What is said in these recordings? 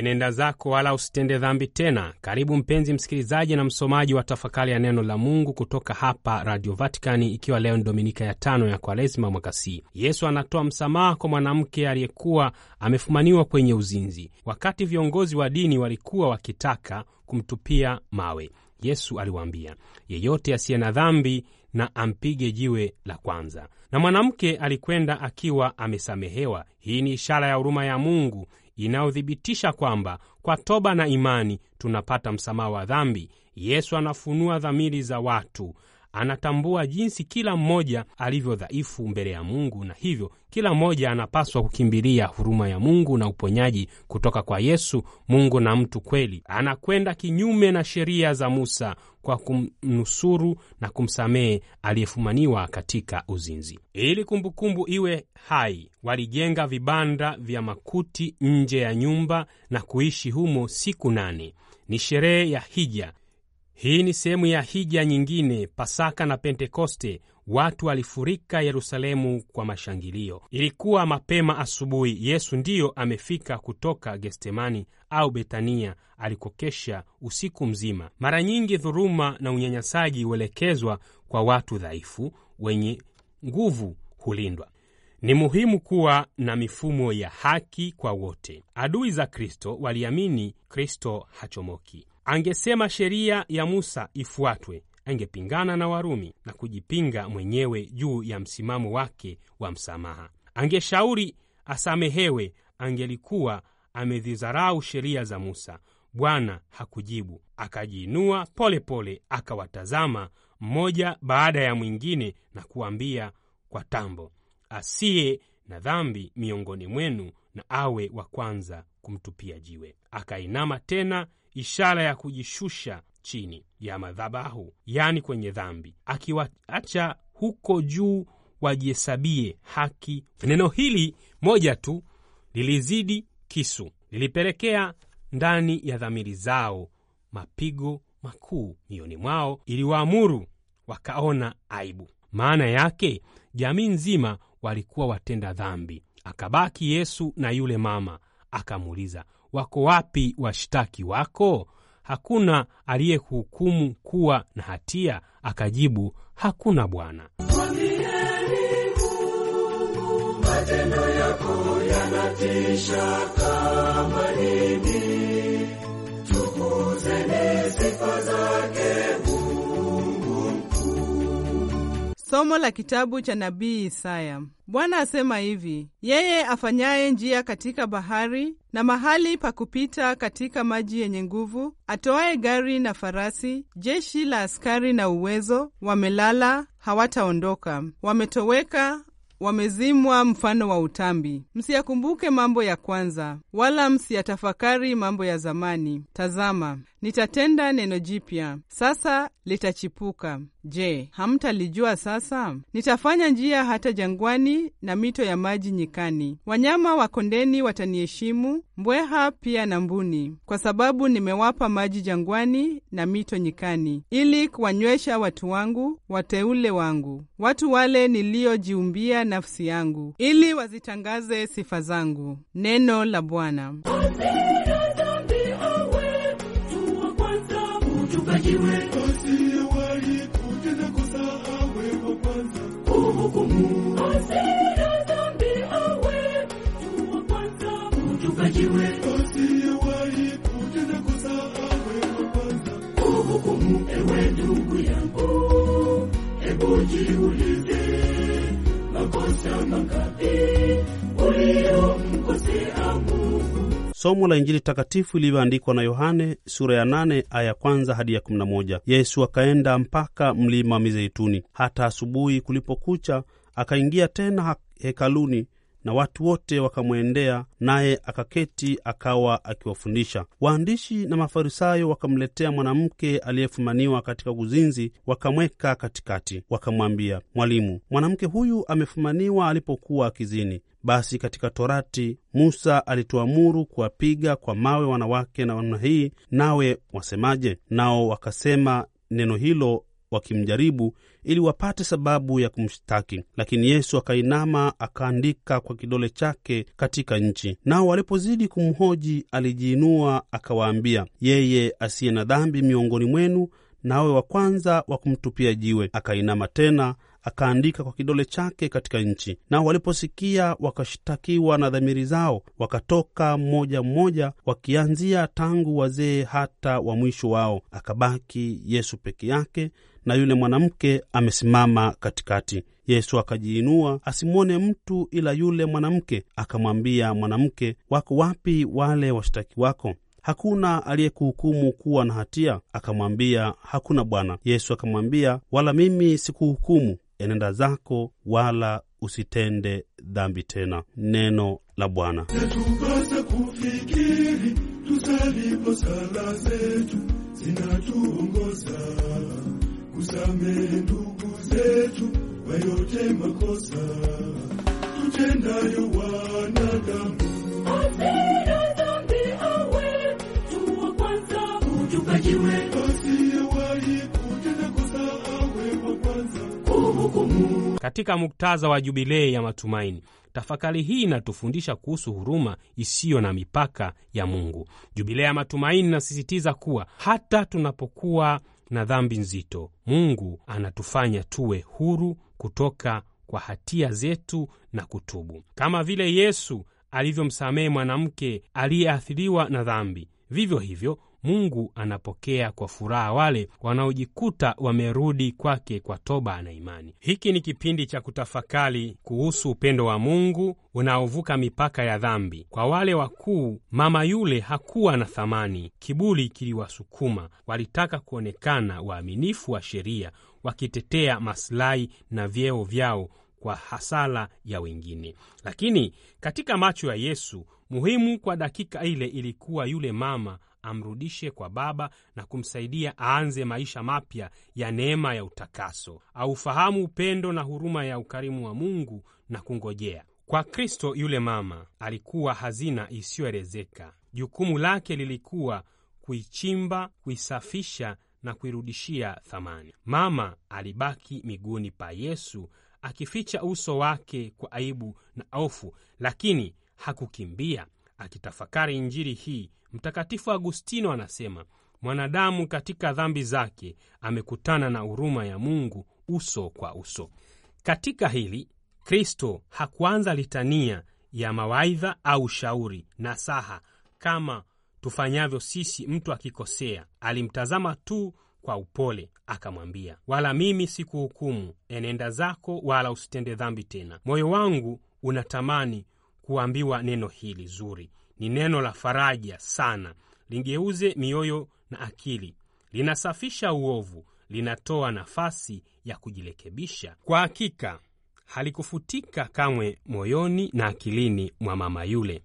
Enenda zako wala usitende dhambi tena. Karibu mpenzi msikilizaji na msomaji wa tafakari ya neno la Mungu kutoka hapa Radio vaticani ikiwa leo ni Dominika ya tano ya Kwaresima mwaka C. Yesu anatoa msamaha kwa mwanamke aliyekuwa amefumaniwa kwenye uzinzi. Wakati viongozi wa dini walikuwa wakitaka kumtupia mawe, Yesu aliwaambia, yeyote asiye na dhambi na ampige jiwe la kwanza. Na mwanamke alikwenda akiwa amesamehewa. Hii ni ishara ya huruma ya Mungu inayothibitisha kwamba kwa toba na imani tunapata msamaha wa dhambi. Yesu anafunua dhamiri za watu anatambua jinsi kila mmoja alivyo dhaifu mbele ya Mungu, na hivyo kila mmoja anapaswa kukimbilia huruma ya Mungu na uponyaji kutoka kwa Yesu. Mungu na mtu kweli anakwenda kinyume na sheria za Musa kwa kumnusuru na kumsamehe aliyefumaniwa katika uzinzi. Ili kumbukumbu iwe hai, walijenga vibanda vya makuti nje ya nyumba na kuishi humo siku nane. Ni sherehe ya hija hii ni sehemu ya hija nyingine. Pasaka na Pentekoste, watu walifurika Yerusalemu kwa mashangilio. Ilikuwa mapema asubuhi, Yesu ndiyo amefika kutoka Getsemani au Betania alikokesha usiku mzima. Mara nyingi dhuruma na unyanyasaji huelekezwa kwa watu dhaifu, wenye nguvu hulindwa. Ni muhimu kuwa na mifumo ya haki kwa wote. Adui za Kristo waliamini Kristo hachomoki. Angesema sheria ya Musa ifuatwe, angepingana na Warumi na kujipinga mwenyewe juu ya msimamo wake wa msamaha. Angeshauri asamehewe, angelikuwa amedhidharau sheria za Musa. Bwana hakujibu, akajiinua polepole, akawatazama mmoja baada ya mwingine na kuambia kwa tambo, asiye na dhambi miongoni mwenu na awe wa kwanza kumtupia jiwe. Akainama tena ishara ya kujishusha chini ya madhabahu, yaani kwenye dhambi, akiwaacha huko juu wajihesabie haki. Neno hili moja tu lilizidi kisu, lilipelekea ndani ya dhamiri zao mapigo makuu mioni mwao, iliwaamuru wakaona aibu. Maana yake jamii nzima walikuwa watenda dhambi. Akabaki Yesu na yule mama, akamuuliza wako wapi washtaki wako? Hakuna aliyekuhukumu kuwa na hatia? Akajibu, hakuna Bwana. Matendo yako yanatisha kama nini! Somo la kitabu cha nabii Isaya. Bwana asema hivi: yeye afanyaye njia katika bahari na mahali pa kupita katika maji yenye nguvu, atoaye gari na farasi, jeshi la askari na uwezo, wamelala hawataondoka, wametoweka wamezimwa mfano wa utambi. Msiyakumbuke mambo ya kwanza, wala msiyatafakari mambo ya zamani. Tazama, nitatenda neno jipya, sasa litachipuka, Je, hamtalijua sasa? Nitafanya njia hata jangwani na mito ya maji nyikani. Wanyama wa kondeni wataniheshimu, mbweha pia na mbuni, kwa sababu nimewapa maji jangwani na mito nyikani, ili kuwanywesha watu wangu, wateule wangu, watu wale niliojiumbia nafsi yangu, ili wazitangaze sifa zangu. Neno la Bwana. ndugu makosa Somo la Injili takatifu iliyoandikwa na Yohane sura ya 8 aya ya kwanza hadi ya 11. Yesu akaenda mpaka mlima Mizeituni. Hata asubuhi kulipokucha Akaingia tena hekaluni na watu wote wakamwendea, naye akaketi akawa akiwafundisha. Waandishi na Mafarisayo wakamletea mwanamke aliyefumaniwa katika uzinzi, wakamweka katikati, wakamwambia, Mwalimu, mwanamke huyu amefumaniwa alipokuwa akizini. Basi katika Torati Musa alituamuru kuwapiga kwa mawe wanawake na namna hii, nawe wasemaje? Nao wakasema neno hilo wakimjaribu ili wapate sababu ya kumshtaki, lakini Yesu akainama akaandika kwa kidole chake katika nchi. Nao walipozidi kumhoji, alijiinua akawaambia, yeye asiye na dhambi miongoni mwenu nawe wa kwanza wa kumtupia jiwe. Akainama tena akaandika kwa kidole chake katika nchi. Nao waliposikia wakashtakiwa na dhamiri zao, wakatoka mmoja mmoja, wakianzia tangu wazee hata wa mwisho wao. Akabaki Yesu peke yake na yule mwanamke amesimama katikati. Yesu akajiinua asimwone mtu ila yule mwanamke, akamwambia, mwanamke, wako wapi wale washtaki wako? Hakuna aliyekuhukumu kuwa na hatia? Akamwambia, hakuna Bwana. Yesu akamwambia, wala mimi sikuhukumu, enenda zako, wala usitende dhambi tena. Neno la Bwana. Yatupasa kufikiri tusalipo, sala zetu zinatuongoza tusamehe ndugu zetu kwa yote makosa tutendayo wanadamu. dhambi awe kwanza utupajiwe, asiyewahi kutenda kosa awe wa kwanza kuhukumu. Katika muktadha wa Jubilei ya matumaini Tafakari hii inatufundisha kuhusu huruma isiyo na mipaka ya Mungu. Jubilea ya matumaini inasisitiza kuwa hata tunapokuwa na dhambi nzito. Mungu anatufanya tuwe huru kutoka kwa hatia zetu na kutubu. Kama vile Yesu alivyomsamehe mwanamke aliyeathiriwa na dhambi, vivyo hivyo Mungu anapokea kwa furaha wale wanaojikuta wamerudi kwake kwa toba na imani. Hiki ni kipindi cha kutafakari kuhusu upendo wa Mungu unaovuka mipaka ya dhambi. Kwa wale wakuu, mama yule hakuwa na thamani. Kiburi kiliwasukuma, walitaka kuonekana waaminifu wa sheria, wakitetea masilahi na vyeo vyao kwa hasara ya wengine. Lakini katika macho ya Yesu, muhimu kwa dakika ile ilikuwa yule mama amrudishe kwa Baba na kumsaidia aanze maisha mapya ya neema ya utakaso, aufahamu upendo na huruma ya ukarimu wa Mungu na kungojea kwa Kristo. Yule mama alikuwa hazina isiyoelezeka. Jukumu lake lilikuwa kuichimba, kuisafisha na kuirudishia thamani. Mama alibaki miguuni pa Yesu akificha uso wake kwa aibu na hofu, lakini hakukimbia. Akitafakari injili hii, Mtakatifu Agustino anasema mwanadamu katika dhambi zake amekutana na huruma ya Mungu uso kwa uso. Katika hili Kristo hakuanza litania ya mawaidha au shauri na saha kama tufanyavyo sisi mtu akikosea. Alimtazama tu kwa upole, akamwambia, wala mimi sikuhukumu, enenda zako, wala usitende dhambi tena. Moyo wangu unatamani kuambiwa neno hili zuri. Ni neno la faraja sana, lingeuze mioyo na akili, linasafisha uovu, linatoa nafasi ya kujirekebisha. Kwa hakika halikufutika kamwe moyoni na akilini mwa mama yule,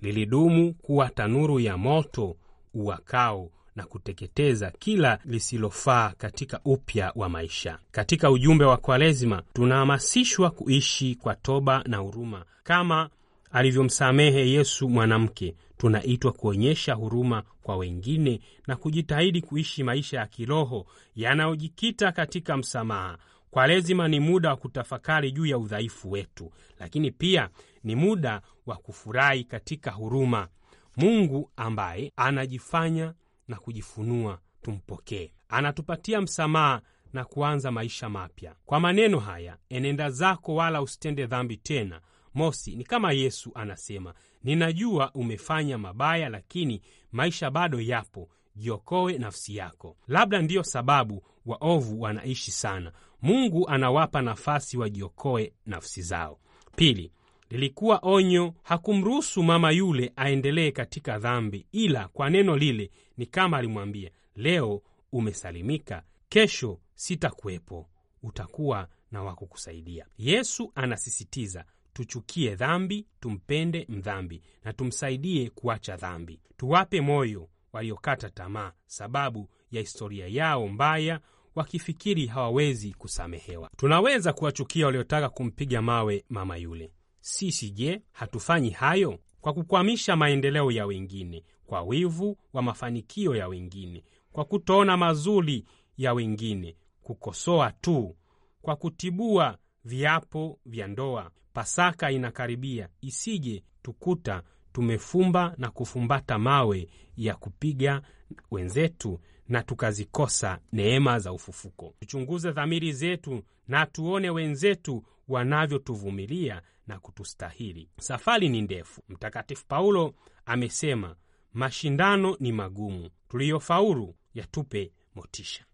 lilidumu kuwa tanuru ya moto uwakao na kuteketeza kila lisilofaa katika upya wa maisha. Katika ujumbe wa Kwaresima tunahamasishwa kuishi kwa toba na huruma kama alivyomsamehe Yesu mwanamke, tunaitwa kuonyesha huruma kwa wengine na kujitahidi kuishi maisha ya kiroho yanayojikita katika msamaha. Kwaresima ni muda wa kutafakari juu ya udhaifu wetu, lakini pia ni muda wa kufurahi katika huruma. Mungu ambaye anajifanya na kujifunua, tumpokee. Anatupatia msamaha na kuanza maisha mapya. Kwa maneno haya, enenda zako, wala usitende dhambi tena Mosi, ni kama Yesu anasema, ninajua umefanya mabaya, lakini maisha bado yapo, jiokoe nafsi yako. Labda ndiyo sababu waovu wanaishi sana. Mungu anawapa nafasi wajiokoe nafsi zao. Pili, lilikuwa onyo, hakumruhusu mama yule aendelee katika dhambi, ila kwa neno lile ni kama alimwambia, leo umesalimika, kesho sitakuwepo, utakuwa na wakukusaidia. Yesu anasisitiza tuchukie dhambi, tumpende mdhambi na tumsaidie kuacha dhambi. Tuwape moyo waliokata tamaa sababu ya historia yao mbaya, wakifikiri hawawezi kusamehewa. Tunaweza kuwachukia waliotaka kumpiga mawe mama yule. Sisi je, hatufanyi hayo? Kwa kukwamisha maendeleo ya wengine, kwa wivu wa mafanikio ya wengine, kwa kutoona mazuri ya wengine, kukosoa tu, kwa kutibua viapo vya ndoa, Pasaka inakaribia, isije tukuta tumefumba na kufumbata mawe ya kupiga wenzetu na tukazikosa neema za ufufuko. Tuchunguze dhamiri zetu na tuone wenzetu wanavyotuvumilia na kutustahili. Safari ni ndefu. Mtakatifu Paulo amesema mashindano ni magumu. Tuliyofaulu yatupe motisha,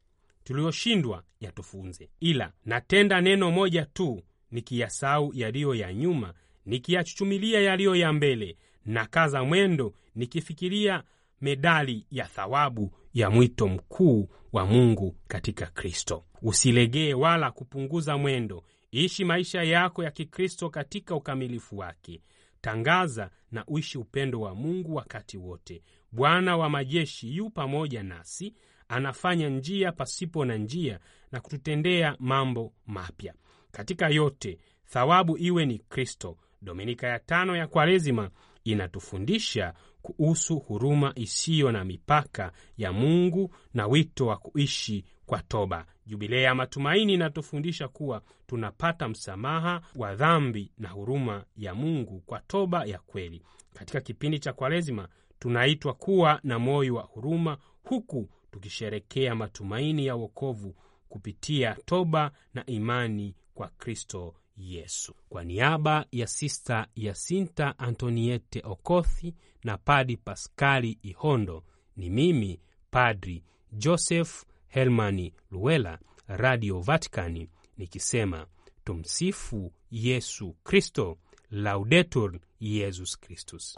tuliyoshindwa yatufunze. Ila natenda neno moja tu, nikiyasau yaliyo ya nyuma, nikiyachuchumilia yaliyo ya mbele, na kaza mwendo nikifikiria medali ya thawabu ya mwito mkuu wa Mungu katika Kristo. Usilegee wala kupunguza mwendo. Ishi maisha yako ya Kikristo katika ukamilifu wake. Tangaza na uishi upendo wa Mungu wakati wote. Bwana wa majeshi yu pamoja nasi, anafanya njia pasipo na njia na kututendea mambo mapya. Katika yote thawabu iwe ni Kristo. Dominika ya tano ya Kwaresima inatufundisha kuhusu huruma isiyo na mipaka ya Mungu na wito wa kuishi kwa toba. Jubilea ya matumaini inatufundisha kuwa tunapata msamaha wa dhambi na huruma ya Mungu kwa toba ya kweli. Katika kipindi cha Kwaresima tunaitwa kuwa na moyo wa huruma, huku tukisherekea matumaini ya wokovu kupitia toba na imani kwa Kristo Yesu. Kwa niaba ya Sista Yasinta Antoniete Okothi na Padi Paskali Ihondo, ni mimi Padri Joseph Helmani Luela, Radio Vaticani, nikisema tumsifu Yesu Kristo, laudetur Yesus Kristus.